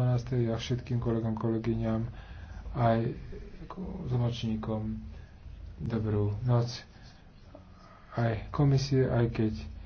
monastéri a všetkým kolegom, kolegyňam aj zločníkom dobrú noc aj komisie, aj keď